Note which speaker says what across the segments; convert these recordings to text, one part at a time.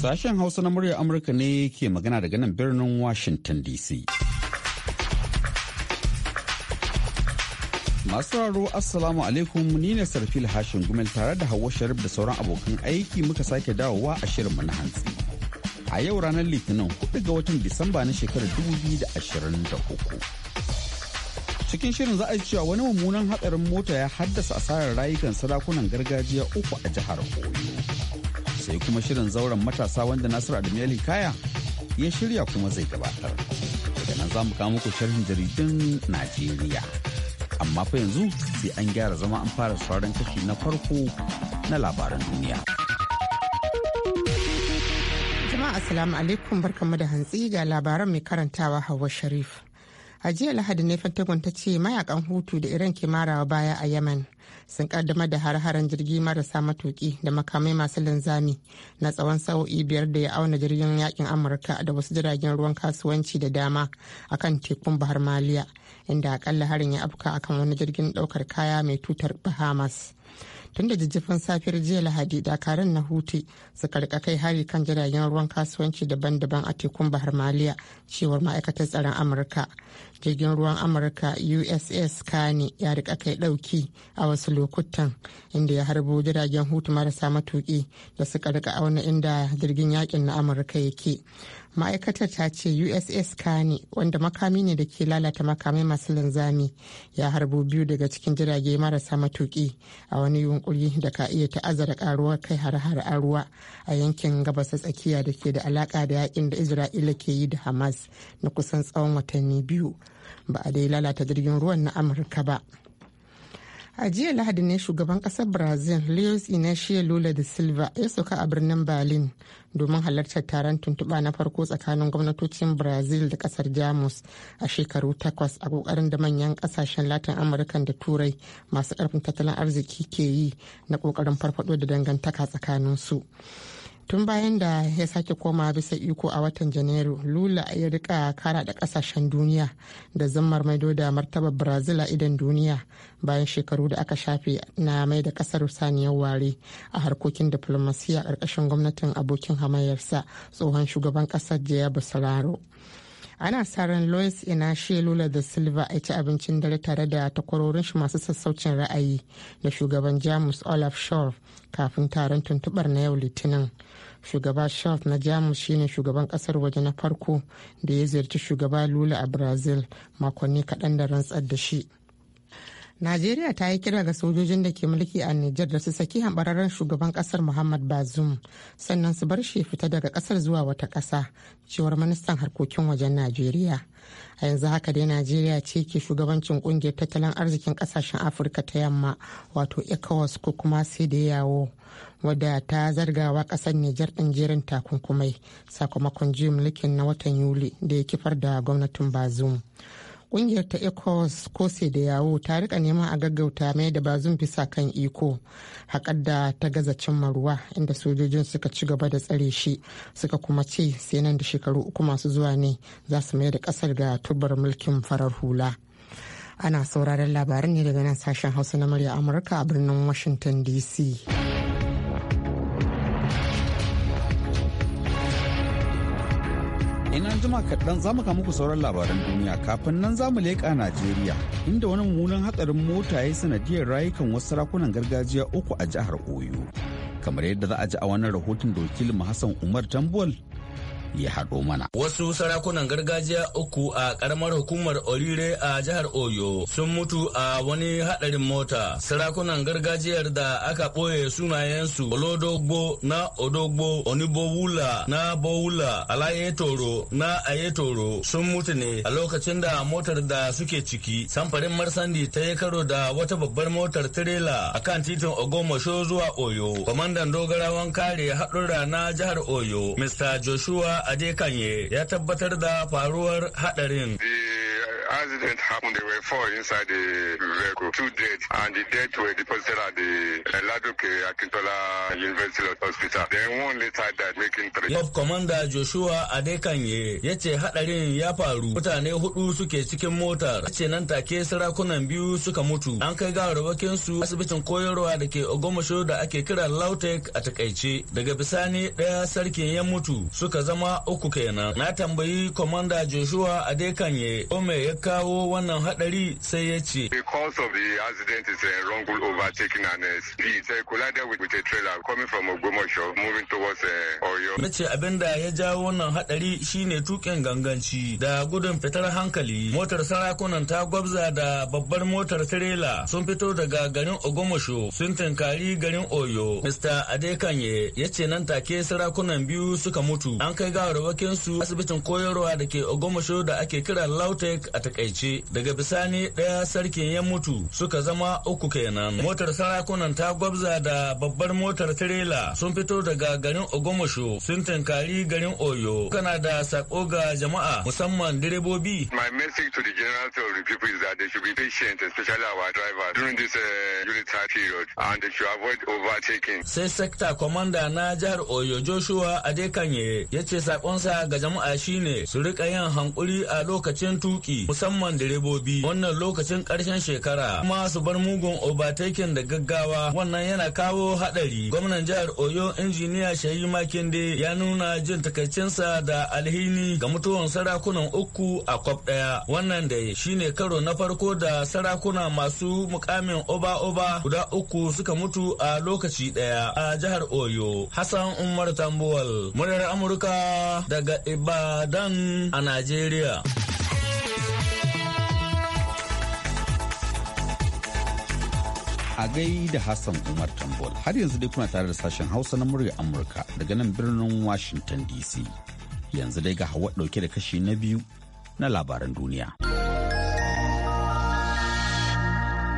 Speaker 1: Sashen Hausa na muryar Amurka ne ke magana daga nan birnin Washington DC. Masu raro Assalamu alaikum ni ne Sarfil Hashin Gumel tare da Hauwa Sharif da sauran abokan aiki muka sake dawowa a shirinmu na hantsi. A yau ranar Litinin 4 ga watan Disamba na shekarar 2023. Cikin shirin za a yi cewa wani mummunan hatsarin mota ya haddasa asarar rayukan sarakunan gargajiya uku a jihar Oyo. sai kuma shirin zauren matasa wanda Nasiru Adamiyali Kaya ya shirya kuma zai gabatar. Daga nan za mu kawo muku sharhin jaridun Najeriya. Amma fa yanzu sai an gyara zama an fara sauran kashi na farko na labaran duniya.
Speaker 2: Jama'a Assalamu alaikum barkamu da hantsi ga labaran mai karantawa Hauwa Sharif. A jiya Lahadi ne Fentagon ta ce mayakan Hutu da Iran ke marawa baya a Yemen sun kaddamar da har-haren jirgi marasa matuki da makamai masu linzami na tsawon sa'o'i biyar da ya auna jirgin yakin amurka da wasu jiragen ruwan kasuwanci da dama akan tekun bahar maliya inda akalla harin ya afka akan wani jirgin daukar kaya mai tutar bahamas tun da jijjifin safiyar jiya lahadi dakarun na huti su rika kai hari kan jiragen ruwan kasuwanci daban-daban a tekun bahar maliya cewar ma'aikatar tsaron amurka jirgin ruwan amurka uss kani ya rika kai dauki a wasu lokutan inda ya harbo jiragen hutu marasa matuki da suka rika auna inda jirgin yakin na amurka yake ma'aikatar ta ce uss kani wanda makami ne da ke lalata makamai masu linzami ya harbo biyu daga cikin jirage marasa matuki a wani yunkuri da ka iya ta'azzara karuwar kai har-har a ruwa a yankin gabas tsakiya da ke da alaka da yakin da isra'ila ke yi da hamas na kusan tsawon watanni biyu ba a dai lalata jirgin ruwan na amurka ba a jiya lahadi ne shugaban kasar brazil leos inacio lula da silva ya sauka a birnin berlin domin halartar taron tuntuɓa na farko tsakanin gwamnatocin brazil da kasar jamus a shekaru takwas a kokarin da manyan kasashen latin amurka da turai masu karfin tattalin arziki ke yi na kokarin farfado da dangantaka tsakanin su tun bayan da ya sake koma bisa iko a watan janairu lula ya rika kara da kasashen duniya da zammar maido da martabar brazil a idan duniya bayan shekaru da aka shafe na mai da kasar saniyar ware a harkokin diplomasiya ƙarƙashin gwamnatin abokin hamayarsa tsohon shugaban ƙasar jaya bolsonaro ana sa ran ina inashe lula da silva a ci abincin dare tare da takwarorin shi masu sassaucin ra'ayi da shugaban jamus olaf scholz kafin taron tuntubar na yau litinin shugaba scholz na jamus shine shugaban kasar waje na farko da ya ziyarci shugaba lula a brazil makonni kaɗan da rantsar da shi Najeriya ta yi kira ga sojojin da ke mulki a Nijar da su saki hambararren shugaban kasar Muhammad Bazoum sannan su bar shi fita daga kasar zuwa wata kasa cewar ministan harkokin wajen Najeriya. A yanzu haka dai Najeriya ce ke shugabancin kungiyar tattalin arzikin kasashen Afirka ta yamma wato ECOWAS ko kuma sai da yawo. wadda ta zargawa kasar Nijar ɗin jerin takunkumai sakamakon juyin mulkin na watan Yuli da ya kifar da gwamnatin Bazoum. kungiyar ta ecos ko da yawo ta rika neman a gaggauta mai da zun bisa kan iko haƙar da ta gaza cimma ruwa inda sojojin suka ci gaba da tsare shi suka kuma ce sai nan da shekaru uku masu zuwa ne za su mai da ƙasar ga tubar mulkin farar hula ana sauraron labarin ne daga nan sashen hausa na murya amurka a birnin washington dc
Speaker 1: anjima kaɗan za mu muku sauran labaran duniya kafin nan za mu leƙa Najeriya inda wani mummunan hatsarin mota ya yi sanadiyar rayukan wasu sarakunan gargajiya uku a jihar Oyo. Kamar yadda za a ji a wannan rahoton da wakilin Hassan Umar Tambol ya haɗo mana. Wasu sarakunan
Speaker 3: gargajiya uku a ƙaramar hukumar Orire a jihar Oyo sun mutu a wani haɗarin mota. Sarakunan gargajiyar da aka ɓoye sunayensu Olodogbo na Odogbo, Onibowula na Bowula, Alayetoro na Ayetoro sun mutu ne a lokacin da motar da suke ciki. Samfarin Marsandi ta yi karo da wata babbar motar tirela a kan titin Ogomosho zuwa Oyo. Kwamandan dogarawan kare haɗura na jihar Oyo, Mr. Joshua a kanye ya tabbatar da faruwar hadarin. Eh, accident happened. There were four inside the vehicle, two dead, and the dead were deposited at the Ladoke Akintola University Hospital. Then one later died, making three. Yaf Commander Joshua Adekanye yace ce hadarin ya faru mutane hudu suke cikin motar ce nan take sarakunan biyu suka mutu an kai gawarwakin su asibitin koyarwa da ke ogomosho da ake kira lautek a takaice daga bisani daya sarkin ya mutu suka zama uku kenan na tambayi commander joshua adekanye ko me kawo wannan hadari sai ya ce because of the accident is a wrongful overtaking and uh, a speed collided with, trailer coming from moving towards uh, abinda ya jawo wannan hadari shine tukin ganganci da gudun fitar hankali motar sarakunan ta gwabza da babbar motar trailer sun fito daga garin Ogbomoso sun tinkari garin Oyo Mr. Adekanye ya ce nan take sarakunan biyu suka mutu an kai gawar su asibitin koyarwa da ke Ogbomoso da ake kira Lautek a takaice daga bisani ɗaya sarkin ya mutu suka zama uku kenan motar sarakunan ta gwabza da babbar motar tirela sun fito daga garin ogomosho sun tinkari garin oyo kana da sako ga jama'a musamman direbobi my message to the general to the people is that they be patient especially our drivers during this uh, period and they should avoid overtaking sai sekta kwamanda na jihar oyo joshua adekanye ya ce sakonsa ga jama'a shine su rika yin hankuri a lokacin tuki musamman direbobi wannan lokacin ƙarshen shekara kuma su bar mugun overtaking da gaggawa wannan yana kawo haɗari. Gwamnan jihar Oyo injiniya Shayi Makinde ya nuna jin takaicinsa da alhini ga mutuwan sarakunan uku a kwaf ɗaya. Wannan da shine karo na farko da sarakuna masu mukamin oba-oba guda uku suka mutu a lokaci ɗaya a jihar Oyo. Hassan Umar Tambuwal, muryar Amurka daga Ibadan a Najeriya.
Speaker 1: agai da Hassan Umar Tambol. Har yanzu dai kuna tare da sashen Hausa na murya Amurka daga nan birnin Washington DC. Yanzu dai ga hawa dauke da kashi na biyu na labaran duniya.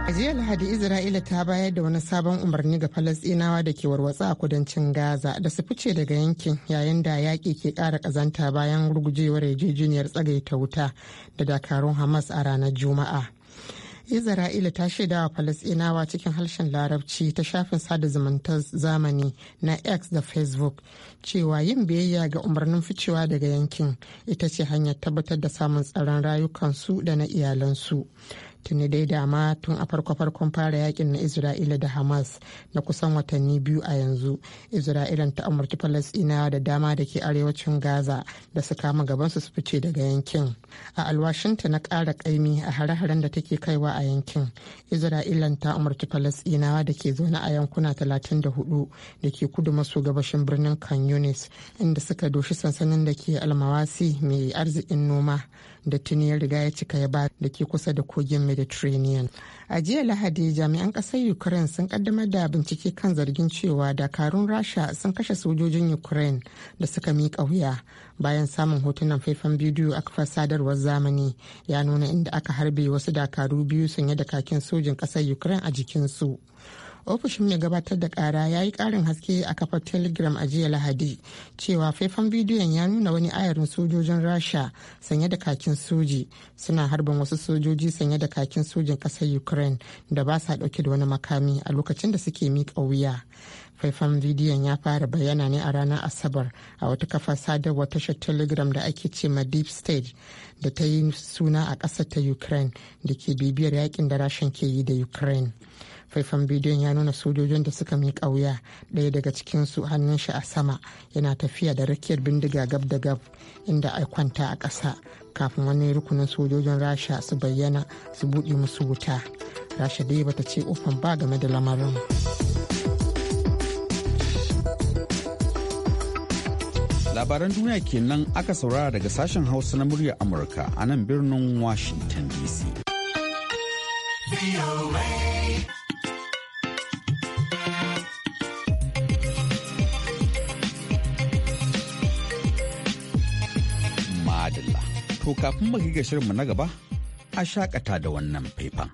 Speaker 2: A jiya Lahadi Isra'ila ta bayar da wani sabon umarni ga Falasɗinawa da ke warwatsa a kudancin Gaza da su fice daga yankin yayin da yaƙi ke ƙara ƙazanta bayan rugujewar yarjejeniyar tsagaita wuta da dakarun Hamas a ranar Juma'a. Isra'ila ta shaida wa Falasɗinawa cikin harshen Larabci ta shafin sada zumunta zamani na X da Facebook cewa yin biyayya ga umarnin ficewa daga yankin ita ce hanyar tabbatar da samun tsaron rayukansu da na iyalansu. tuni dai dama tun a farko-farkon fara yakin na isra'ila da hamas na kusan watanni biyu a yanzu isra'ilan ta umarci falasɗinawa da dama da ke arewacin gaza da su kama gabansu su fice daga yankin a alwashinta na ƙara ƙaimi a hare-haren da take kaiwa a yankin isra'ilan ta umarci falasɗinawa da ke zaune a yankuna 34 da ke kudu maso gabashin birnin kan inda suka doshi sansanin da ke almawasi mai arzikin noma da tuni ya riga ya cika ya ba da ke kusa da kogin mediterranean a jiya lahadi jami'an kasar ukraine sun kaddamar da bincike kan zargin cewa dakarun rasha sun kashe sojojin ukraine da suka miƙa wuya bayan samun hotunan faifan bidiyo a kafar sadarwar zamani ya nuna inda aka harbe wasu dakaru biyu sanye da kakin sojin kasar ukraine a jikinsu ofishin mai gabatar da kara ya yi karin haske a kafar telegram a jiya lahadi cewa faifan bidiyon ya nuna wani ayarin sojojin rasha sanye da kakin soji suna harbin wasu sojoji sanye da kakin sojin kasar ukraine da ba sa dauke da wani makami a lokacin da suke miƙa wuya faifan bidiyon ya fara bayyana ne a ranar asabar a wata kafar sadarwar tashar telegram da ake ce ma deep state da ta yi suna a ƙasar ta ukraine da ke bibiyar yakin da rashin ke yi da ukraine faifan bidiyon ya nuna sojojin da suka mi kauya ɗaya daga cikinsu hannun shi a sama yana tafiya da rakiyar bindiga gab da gab inda a kwanta a ƙasa kafin wani rukunin sojojin rasha su bayyana su buɗe musu wuta rasha dai bata ce ofan ba game da lamarin
Speaker 1: labaran duniya kenan aka saurara daga sashen hausa na muryar amurka a nan birnin washington dc To kafin mu ga shirinmu na gaba, a shakata da wannan faifan.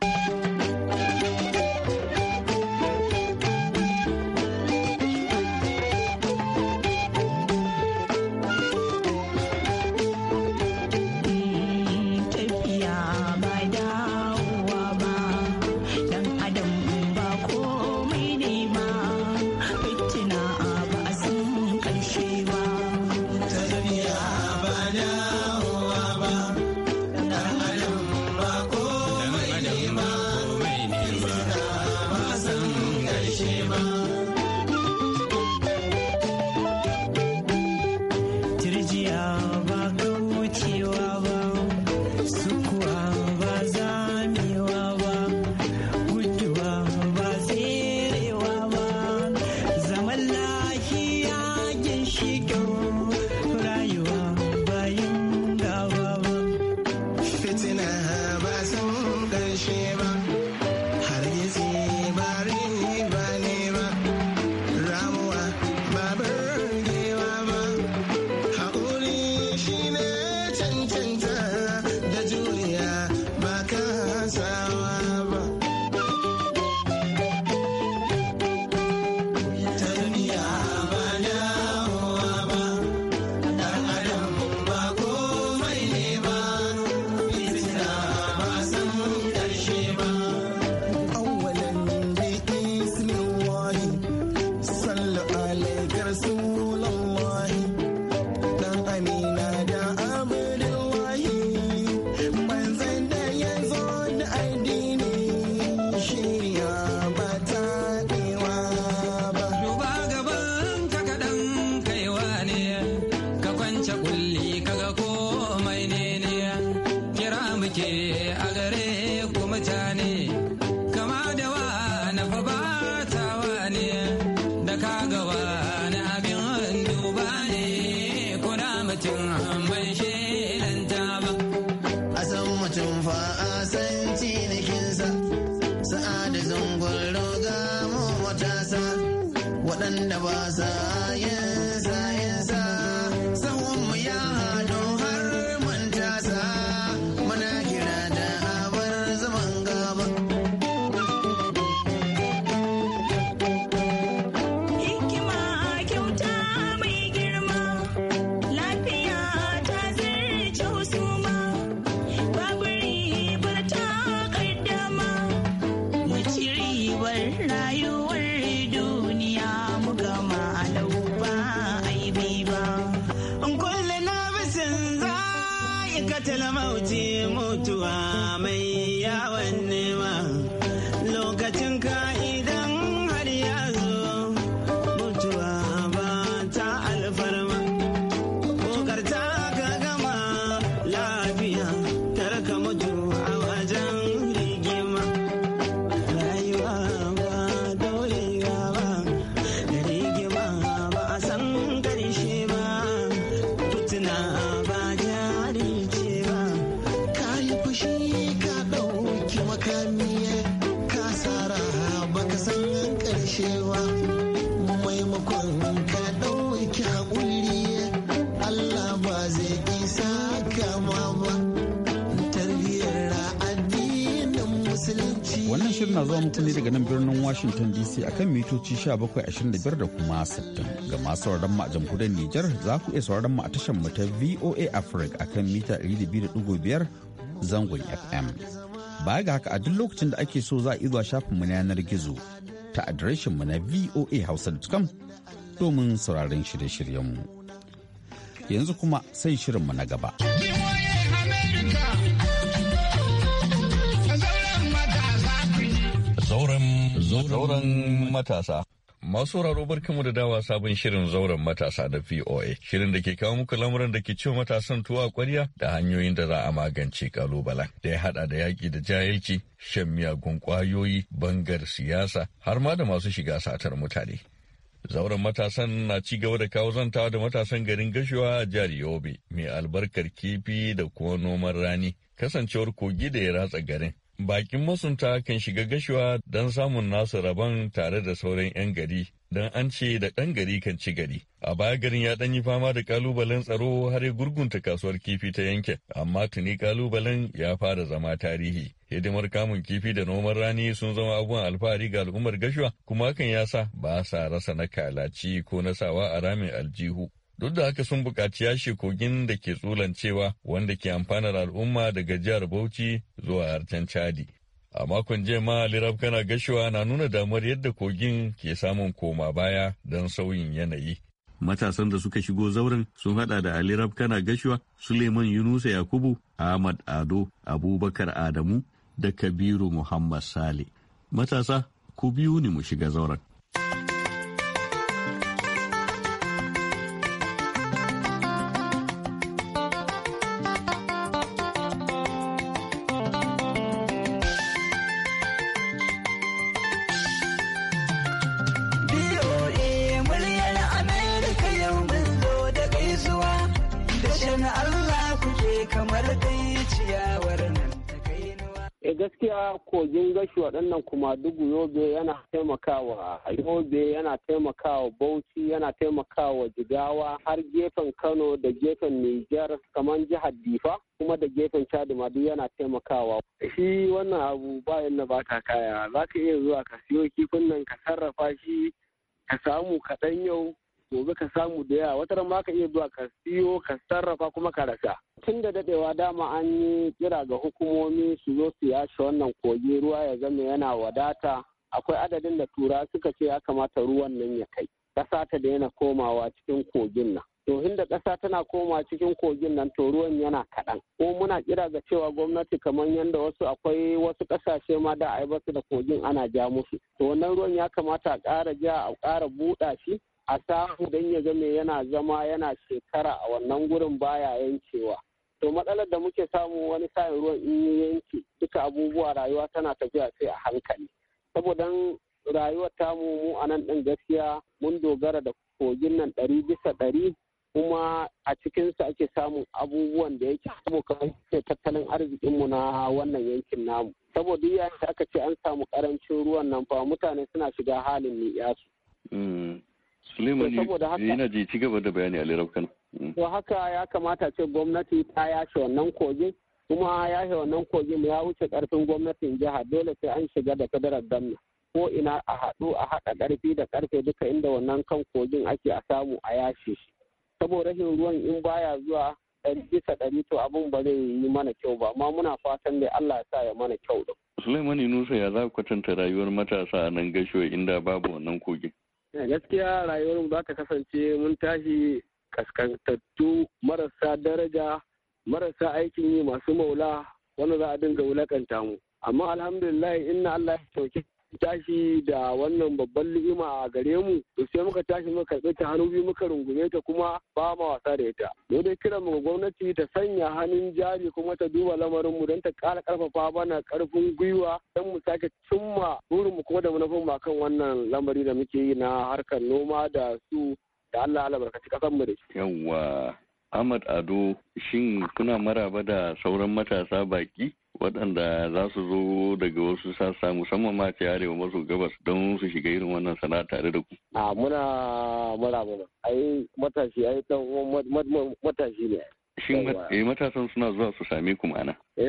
Speaker 2: ikon ka Allah ba zai musulunci.
Speaker 1: Wannan shirin na zuwa muku ne daga nan birnin Washington DC akan mitoci 1725 da kuma 60. Ga masu sauraron mu a jamhuriyar Nijar za ku iya sauraron mu a tashar mu ta VOA Africa akan mita 200.5 zangon FM. Baya ga haka a duk lokacin da ake so za a iya zuwa shafin mu yanar gizo ta adireshinmu na voahausa.com domin sauraron shirye-shiryenmu. Yanzu kuma sai shirinmu na gaba.
Speaker 4: Zauren matasa. Masu sauraro barkamu da dawa sabon shirin zauren matasa da VOA. Shirin da ke kawo muku lamuran da ke ciwo matasan tuwa kwarya da hanyoyin da za a magance kalubalen da ya haɗa da yaƙi da jahilci, shan miyagun ƙwayoyi, bangar siyasa, har ma da masu shiga satar mutane. Zauren matasan na ci gaba da kawo zantawa da matasan garin gashuwa a jihar Yobe, mai albarkar kifi da kuma noman rani, kasancewar kogi da ya ratsa garin Bakin masunta kan shiga gashuwa don samun nasu rabon tare da sauran 'yan gari don an ce da ɗan gari kan ci gari. A baya garin ya ɗan yi fama da ƙalubalen tsaro har ya gurgunta kasuwar kifi ta yanke. amma tuni kalubalen ya fara zama tarihi. Hidimar kamun kifi da noman rani sun zama abubuwan alfahari ga al'ummar gashuwa, kuma hakan ya sa ba sa rasa na kalaci ko na sawa a ramin aljihu. duk da haka sun buƙaci yashe kogin da ke tsulancewa wanda ke amfanar al'umma daga jihar bauchi zuwa harcen chadi a makon jiya ma lirab kana gashuwa na nuna damar yadda kogin ke samun koma baya don sauyin yanayi matasan da suka shigo zauren sun hada da ali kana gashuwa suleiman yunusa yakubu ahmad ado abubakar adamu da kabiru muhammad sale matasa ku biyu ne mu shiga zauren
Speaker 5: wannan kuma dugu yobe yana taimakawa yobe yana taimakawa bauchi yana taimakawa jigawa har gefen kano da gefen niger kamar jihar difa kuma da gefen chad ma duk yana taimakawa shi wannan abu bayan na bata kaya za ka iya zuwa ka siyo kifin nan ka sarrafa shi ka samu kaɗan yau gobe ka samu da yawa wata ma ka iya zuwa ka siyo ka sarrafa kuma ka rasa tun da dadewa dama an yi kira ga hukumomi su zo su yashe wannan kogi ruwa ya zama yana wadata akwai adadin da tura suka ce ya kamata ruwan nan ya kai ƙasa ta daina komawa cikin kogin nan to inda ƙasa tana koma cikin kogin nan to ruwan yana kaɗan ko muna kira ga cewa gwamnati kamar yadda wasu akwai wasu ƙasashe ma da a basu da kogin ana ja musu to wannan ruwan ya kamata a ƙara ja a ƙara buɗa shi a samu don ya zama yana zama yana shekara a wannan gurin baya yancewa to matsalar da muke samu wani sa'in ruwan in yanki duka abubuwa rayuwa tana tafiya sai a hankali saboda rayuwar tamu mu a nan ɗin gaskiya mun dogara da kogin nan ɗari bisa ɗari kuma a cikinsa ake samun abubuwan da yake abokan tattalin arzikinmu na wannan yankin namu saboda yayin da aka ce an samu karancin ruwan nan fa mutane suna shiga halin ni'yasu.
Speaker 4: Mm. Suleiman yana ji ci gaba da bayani a Lirafkan.
Speaker 5: to haka ya kamata ce gwamnati ta yashe wannan kogin kuma yashe wannan kogin ya wuce karfin gwamnatin jiha dole sai an shiga da kadarar gamna ko ina a haɗu a haɗa ƙarfi da ƙarfe duka inda wannan kan kogin ake a samu a yashe shi saboda rashin ruwan in baya zuwa ɗari bisa ɗari to abin ba zai yi mana kyau ba amma muna fatan da Allah ya sa ya mana kyau da.
Speaker 4: Sulaimani Nusa ya za ku kwatanta rayuwar matasa a nan gasho inda babu wannan kogin.
Speaker 5: Eh, gaskiya rayuwar za ta kasance mun tashi kaskantattu marasa daraja marasa aikin yi masu maula wanda za a dinga wulakanta mu amma alhamdulillah inna Allah ya sauke tashi da wannan babban li'ima a gare mu to sai muka tashi muka karbi ta hannu biyu muka rungume ta kuma ba ma wasa da ita mu dai kiran mu gwamnati ta sanya hannun jari kuma ta duba lamarin mu don ta ƙara ƙarfafa bana ƙarfin gwiwa don mu sake cimma burin mu kuma da manufan mu akan wannan lamari da muke yi na harkar noma da su da Allah Allah barkaci kasan mu da shi
Speaker 4: Yawwa Ahmad Ado shin kuna maraba da sauran matasa baki waɗanda za su zo daga wasu sassa musamman ma ta arewa maso gabas don su shiga irin wannan sana'a tare da ku.
Speaker 5: A muna maraba ai matashi ai ta matashi ne.
Speaker 4: Shin eh, matasan suna zuwa su same ku ma'ana?
Speaker 5: Eh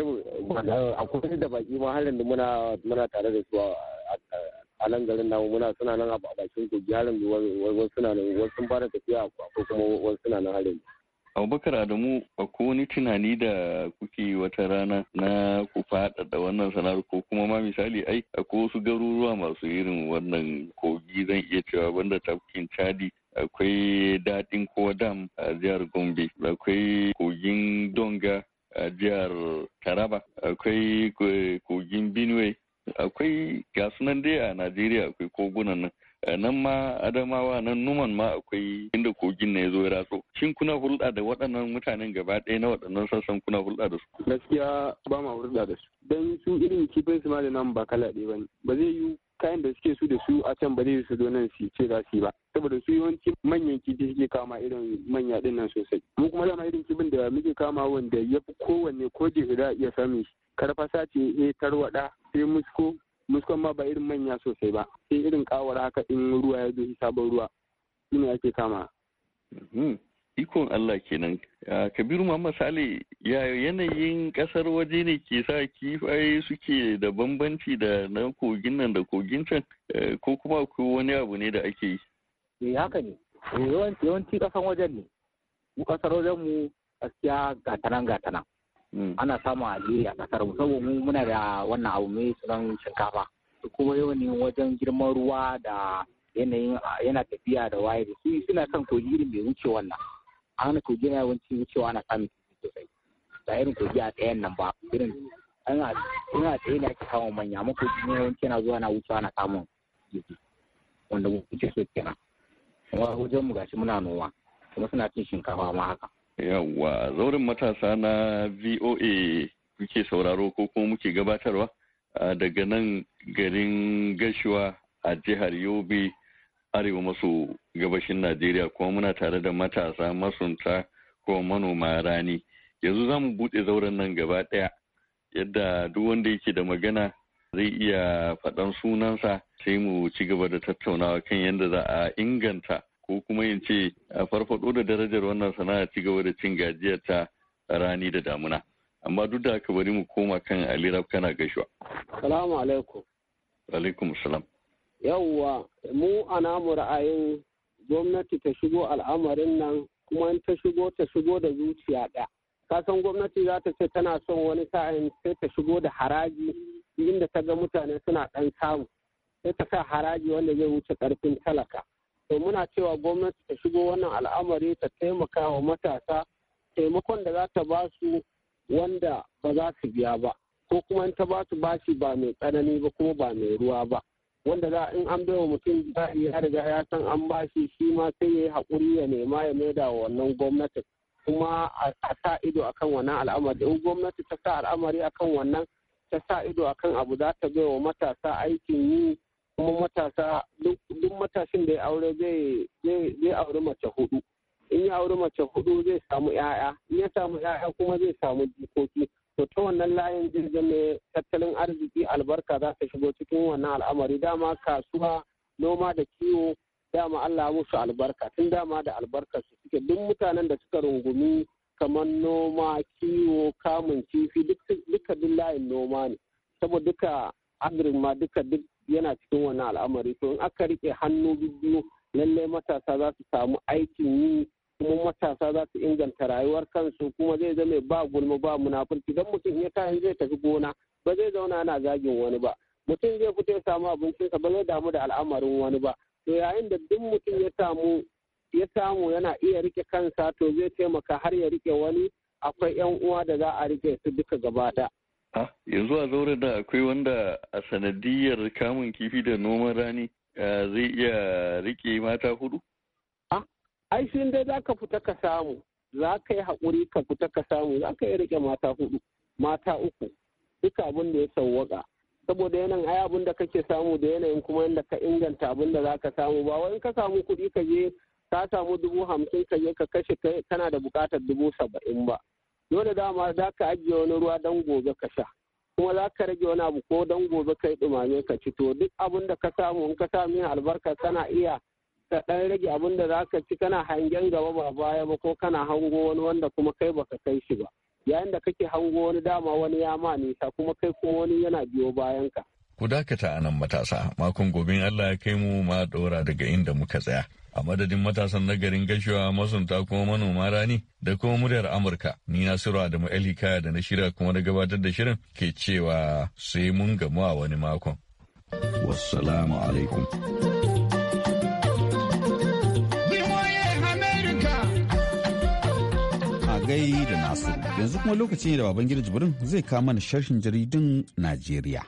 Speaker 5: akwai da baki ma halin da muna tare da su a a nan garin namu muna suna nan a bakin kogi da wasu suna nan wasu sun fara tafiya ko kuma wasu suna nan harin
Speaker 4: abubakar adamu ko wani tunani da kuke wata rana na ku da wannan sana'ar ko kuma ma misali ai ko wasu garuruwa masu irin wannan kogi zan iya cewa banda tafkin chadi akwai daɗin kodam a jihar gombe akwai kogin donga a jihar taraba akwai eh, kogin benue akwai gasunan nan dai a najeriya akwai kogunan nan nan ma adamawa nan numan ma akwai inda kogin ne ya zo ya ratso shin kuna hulɗa da waɗannan mutanen gaba ɗaya na waɗannan sassan kuna hulɗa da su
Speaker 5: gaskiya ba ma hulɗa da su don su irin kifin su ma da nan ba kala ɗaya ba ba zai yi kayan da suke su da su a can ba zai su zo nan su ce za su yi ba saboda su yawanci manyan kifi suke kama irin manya ɗin nan sosai mu kuma dama irin kifin da muke kama wanda ya fi kowanne ko da za iya samun shi karfasa ce ya eh, tarwada sai musko muskon ma ba irin manya sosai ba sai irin kawar haka in ruwa ya zo sabon ruwa shine ake kama
Speaker 4: hmm. ikon Allah kenan kabiru Muhammad Sale ya yanayin kasar waje ne ke sa kifaye suke da bambanci da na kogin nan da kogin can ko kuma akwai wani abu ne da ake
Speaker 5: yi eh haka ne eh, yawanci kasan wajen ne mu kasar wajen mu gaskiya gatanan gatanan Mm. ana samun alheri a kasar mu saboda muna da wannan abu mai sunan shinkafa kuma yawan wajen girman ruwa da yanayin yana tafiya da waye da su suna son kogi irin mai wuce wannan an kogi na yawanci wucewa na samun kifi sosai ba irin kogi a tsayen nan ba irin an a tsaye ne ake samun manya amma kogi na yawanci yana zuwa na wucewa na samun kifi wanda wuce so kenan kuma wajen mu gashi muna noma kuma suna cin
Speaker 6: shinkafa ma haka
Speaker 4: Yawwa, zaurin matasa na VOA muke sauraro ko kuma muke gabatarwa daga nan garin gashuwa a jihar Yobe, arewa maso gabashin Najeriya kuma muna tare da matasa masunta ko manoma rani. Yanzu za mu buɗe zauren nan gaba ɗaya yadda duk wanda yake da magana zai iya faɗan sunansa sai mu ci gaba da tattaunawa kan yadda za a inganta ko kuma in ce a farfado da darajar wannan sana'a ci gaba da cin gajiya ta rani da damuna amma duk da haka bari mu koma kan alirab kana gaishuwa
Speaker 5: salamu alaikum
Speaker 4: alaikum salam
Speaker 5: yawwa mu a namu ra'ayin gwamnati ta shigo al'amarin nan kuma in ta shigo ta shigo da zuciya ɗaya kasan gwamnati za ta ce tana son wani sa'in sai ta shigo da haraji inda ta ga mutane suna ɗan samu sai ta sa haraji wanda zai wuce ƙarfin talaka to muna cewa gwamnati ta shigo wannan al'amari ta taimaka wa matasa taimakon da za ta ba su wanda ba za su biya ba ko kuma in ta ba su bashi ba mai tsanani ba kuma ba mai ruwa ba wanda za in an baiwa mutum jari ya riga ya san an bashi shi ma sai ya yi haƙuri ya nema ya maida wa wannan gwamnatin kuma a sa ido akan wannan al'amari in gwamnati ta sa al'amari akan wannan ta sa ido akan abu za ta wa matasa aikin yi kuma matasa duk matashin da ya aure zai aure mace hudu in ya aure mace hudu zai samu yaya in ya samu yaya kuma zai samu jikoki to ta wannan layin jirgin ne tattalin arziki albarka za ta shigo cikin wannan al'amari dama kasuwa noma da kiwo dama Allah musu albarka tun dama da albarka su suke duk mutanen da suka rungumi kamar noma kiwo kamun kifi duka duk layin noma ne saboda duka agrin ma duka duk yana cikin wannan al'amari to in aka rike hannu biyu lallai matasa za su samu aikin yi kuma matasa za su inganta rayuwar kansu kuma zai zama ba gulma ba munafurci don mutum ya kayan zai tafi gona ba zai zauna ana zagin wani ba mutum zai fito ya samu abincinsa ba zai damu da al'amarin wani ba to yayin da duk mutum ya samu ya samu yana iya rike kansa to zai taimaka har ya rike wani akwai yan uwa da za a rike su duka gaba
Speaker 4: Ah, yanzu a zaure da akwai wanda a sanadiyar kamun kifi da noman rani ah, zai iya rike mata hudu?
Speaker 5: Ah, ai shi dai za ka fita ka samu, za ka yi haƙuri ka fita ka samu, za ka yi rike mata hudu, mata uku, duka abin da ya sauwaka. Saboda yanayin ai abin da kake samu da yanayin kuma yadda ka inganta abin da za ka samu ba wani ka samu kuɗi ka je ka samu dubu hamsin ka je ka kashe kana da bukatar dubu saba'in ba. dole dama za ka ajiye wani ruwa don gobe ka sha kuma za ka rage wani abu ko don gobe kai dumame ka ci to duk abin da ka samu in ka samu albarka kana iya ka ɗan rage abin da za ka ci kana hangen gaba ba baya ba ko kana hango wani wanda kuma kai baka kai shi ba yayin da kake hango wani dama wani ya ma nisa kuma kai kuma wani yana biyo bayan ka.
Speaker 4: Ku dakata a nan matasa makon gobe Allah ya kai mu ma ɗora daga inda muka tsaya. a madadin matasan nagarin gashiwa masunta kuma manoma rani da kuma muryar amurka ni nasiru adamu elika da na shirya kuma na gabatar da shirin ke cewa sai mun gamu a wani makon wassalamu alaikum
Speaker 1: gai da nasu yanzu kuma lokaci ne da Babangida gida jibrin zai kama na sharhin jaridun najeriya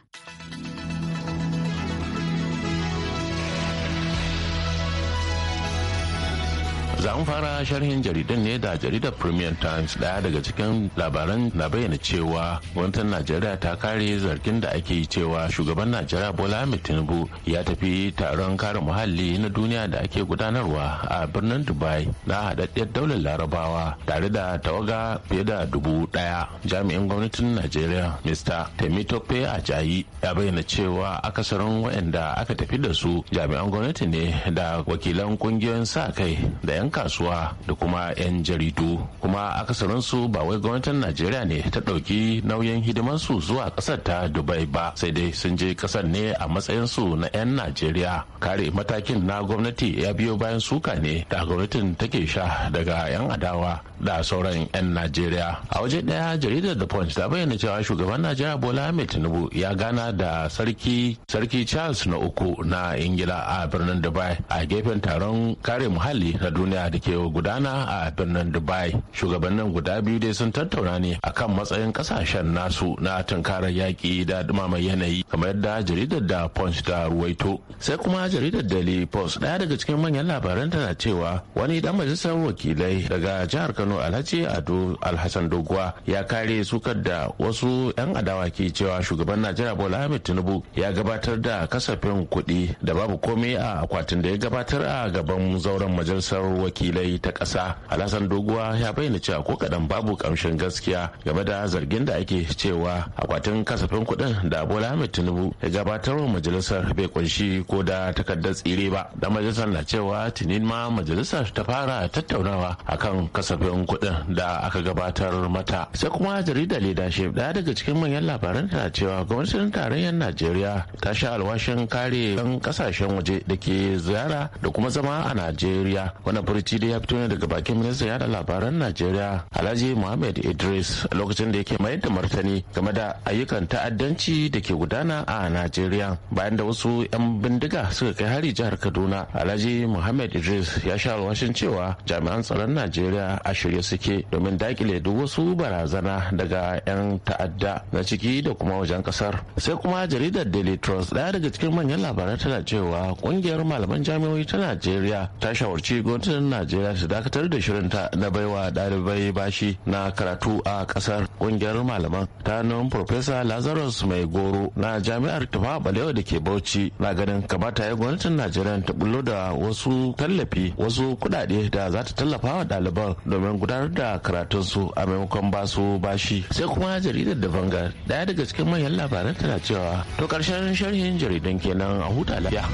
Speaker 6: za mu fara sharhin jaridan ne da jaridar premier times daya daga cikin labaran na bayyana cewa gwamnatin najeriya ta kare zargin da ake yi cewa shugaban najeriya bola tinubu ya tafi taron kare muhalli na duniya da ake gudanarwa a birnin dubai na haɗaɗɗiyar daular larabawa tare da tawaga fiye da dubu ɗaya jami'in gwamnatin najeriya mr temitope ajayi ya bayyana cewa akasarin waɗanda aka tafi da su jami'an gwamnati ne da wakilan ƙungiyoyin sa kai da 'yan kasuwa da kuma 'yan jaridu kuma akasarinsu ba wai gwamnatin najeriya ne ta ɗauki nauyin hidimansu zuwa ƙasar ta dubai ba sai dai sun je ƙasar ne a matsayinsu na 'yan najeriya kare matakin na gwamnati ya biyo bayan suka ne da gwamnatin take sha daga 'yan adawa da sauran 'yan najeriya a waje ɗaya jaridar the punch ta bayyana cewa shugaban najeriya bola ahmed tinubu ya gana da sarki sarki charles na uku na ingila a birnin dubai a gefen taron kare muhalli na duniya duniya da ke gudana a birnin dubai shugabannin guda biyu dai sun tattauna ne akan matsayin kasashen nasu na tunkarar yaƙi da dumamar yanayi kamar yadda jaridar da punch da ruwaito sai kuma jaridar daily post ɗaya daga cikin manyan labaran tana cewa wani dan majalisar wakilai daga jihar kano alhaji ado alhassan doguwa ya kare sukar da wasu 'yan adawa ke cewa shugaban najeriya bola ahmed tinubu ya gabatar da kasafin kuɗi da babu komai a akwatin da ya gabatar a gaban zauren majalisar wakilai wakilai ta ƙasa alhassan doguwa ya bayyana cewa ko kaɗan babu ƙamshin gaskiya game da zargin da ake cewa akwatin kasafin kuɗin da bola ahmed tinubu ya gabatar wa majalisar bai kunshi ko da takardar tsire ba da majalisar na cewa tuni ma majalisar ta fara tattaunawa akan kasafin kuɗin da aka gabatar mata sai kuma jarida leadership ɗaya daga cikin manyan labaran ta cewa gwamnatin tarayyar najeriya ta sha alwashin kare ɗan ƙasashen waje da ke ziyara da kuma zama a najeriya wani lokaci da ya fito ne daga bakin ministan yada labaran Najeriya Alhaji Muhammad Idris a lokacin da yake mayar da martani game da ayyukan ta'addanci da ke gudana a Najeriya bayan da wasu 'yan bindiga suka kai hari jihar Kaduna Alhaji Muhammad Idris ya sha alwashin cewa jami'an tsaron Najeriya a shirye suke domin dakile duk wasu barazana daga 'yan ta'adda na ciki da kuma wajen kasar sai kuma jaridar Daily Trust daya daga cikin manyan labaran tana cewa kungiyar malaman jami'o'i ta Najeriya ta shawarci gwamnatin najeriya ta dakatar da shirinta na baiwa ɗalibai bashi na karatu a ƙasar ƙungiyar malaman ta nan profesa lazarus mai goro na jami'ar tufa balewa da ke bauchi na ganin kamata ya gwamnatin najeriya ta bullo da wasu tallafi wasu kuɗaɗe da za ta tallafa wa ɗaliban domin gudanar da karatun su a maimakon basu bashi sai kuma jaridar da banga daya daga
Speaker 1: cikin manyan labaran tana cewa to karshen sharhin jaridan kenan a huta lafiya.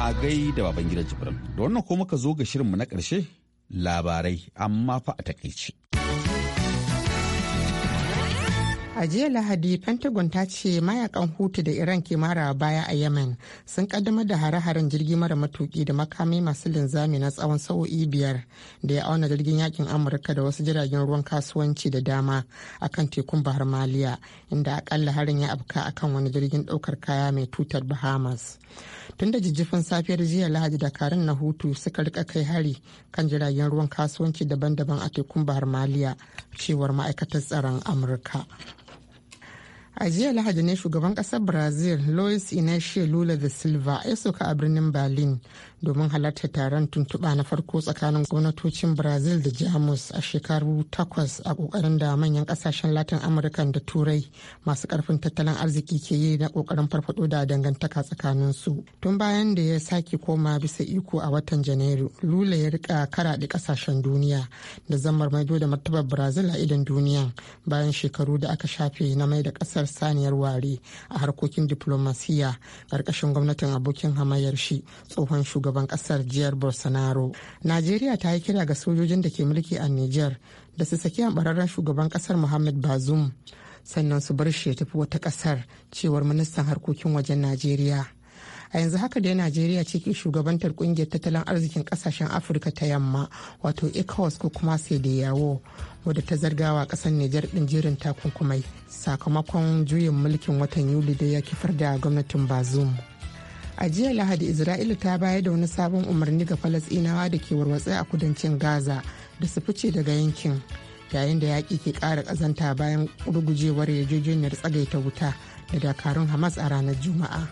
Speaker 1: A gai da baban gida Jibrin. Da wannan ko muka zo ga shirinmu na ƙarshe labarai amma fa a takaice.
Speaker 2: A jiya Lahadi, Pentagon ta ce mayakan Hutu da Iran ke mara baya a Yemen sun kaddamar da hare-haren jirgi mara matuki da makami masu linzami na tsawon sa'o'i biyar da ya auna jirgin yakin Amurka da wasu jiragen ruwan kasuwanci da dama akan tekun Bahar Maliya, inda akalla harin ya afka akan wani jirgin daukar kaya mai tutar Bahamas. tunda jijjifin safiyar jiya Lahadi dakarun na Hutu suka rika kai hari kan jiragen ruwan kasuwanci daban-daban a tekun Bahar Maliya, cewar ma'aikatar tsaron Amurka. a jiya lahadi ne shugaban kasar brazil luis inacio lula da silva ya soka a birnin berlin domin halartar taron tuntuɓa na farko tsakanin gwamnatocin brazil da jamus a shekaru takwas a ƙoƙarin da manyan ƙasashen latin amurka da turai masu ƙarfin tattalin arziki ke yi na ƙoƙarin farfaɗo da dangantaka tsakanin su tun bayan da ya sake koma bisa iko a watan janairu lula ya rika karaɗe ƙasashen duniya da zamar maido da martabar brazil a idon duniya bayan shekaru da aka shafe na mai da ƙasar saniyar ware a harkokin diplomasiya ƙarƙashin gwamnatin abokin hamayar shi tsohon shugaban shugaban kasar jiyar bolsonaro najeriya ta yi kira ga sojojin da ke mulki a niger da su saki ambararren shugaban kasar muhammad bazoum sannan su bar shi ya tafi wata kasar cewar ministan harkokin wajen najeriya a yanzu haka dai najeriya ce ke shugabantar kungiyar tattalin arzikin kasashen afirka ta yamma wato ecowas ko kuma sai da yawo wadda ta zargawa kasar nijar din jerin takunkumai sakamakon juyin mulkin watan yuli da ya kifar da gwamnatin bazum a jiya lahadi isra'ila ta bayar da wani sabon umarni ga falasinawa da ke warwatse a kudancin gaza da su fice daga yankin yayin da yaƙi ke ƙara ƙazanta bayan rugujewar yarjejeniyar tsagaita wuta da dakarun hamas a ranar juma'a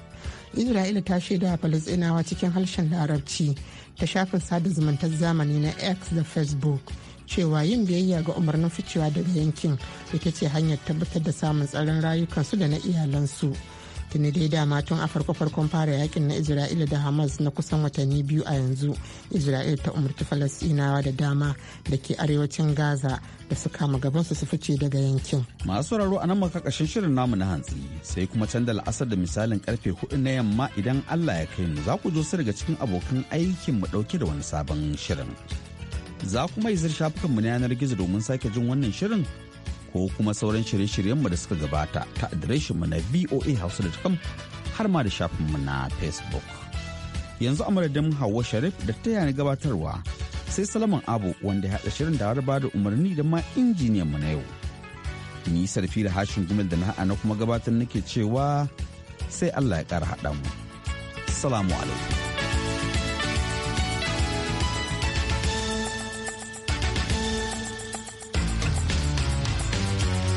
Speaker 2: isra'ila ta shaida falasinawa cikin harshen larabci ta shafin sada zumuntar zamani na x da facebook cewa yin biyayya ga umarnin ficewa daga yankin ita ce hanyar tabbatar da samun tsaron rayukansu da na iyalansu. tuni dai dama tun a farko-farkon fara yakin na isra'ila da hamas na kusan watanni biyu a yanzu isra'ila ta umarci falasinawa da dama da ke arewacin gaza da su kama gabansu su fice daga yankin
Speaker 1: masu sauraro a nan makakashin shirin namu na hantsi sai kuma canza da la'asar da misalin karfe hudu na yamma idan allah ya kai mu za ku zo su daga cikin abokan aikin mu dauke da wani sabon shirin za kuma yi shafukanmu na yanar gizo domin sake jin wannan shirin ko kuma sauran shirye-shiryenmu da suka gabata ta adireshinmu na voahouse.com har ma da shafinmu na facebook yanzu a madadin hawa sharif da ta yana gabatarwa sai salaman abu wanda ya haɗa shirin da ba da umarni da ma injiniyanmu na yau ni sarfi da hashin gumel da na haɗa na kuma gabatar nake cewa sai allah ya ƙara haɗa mu salamu alaikum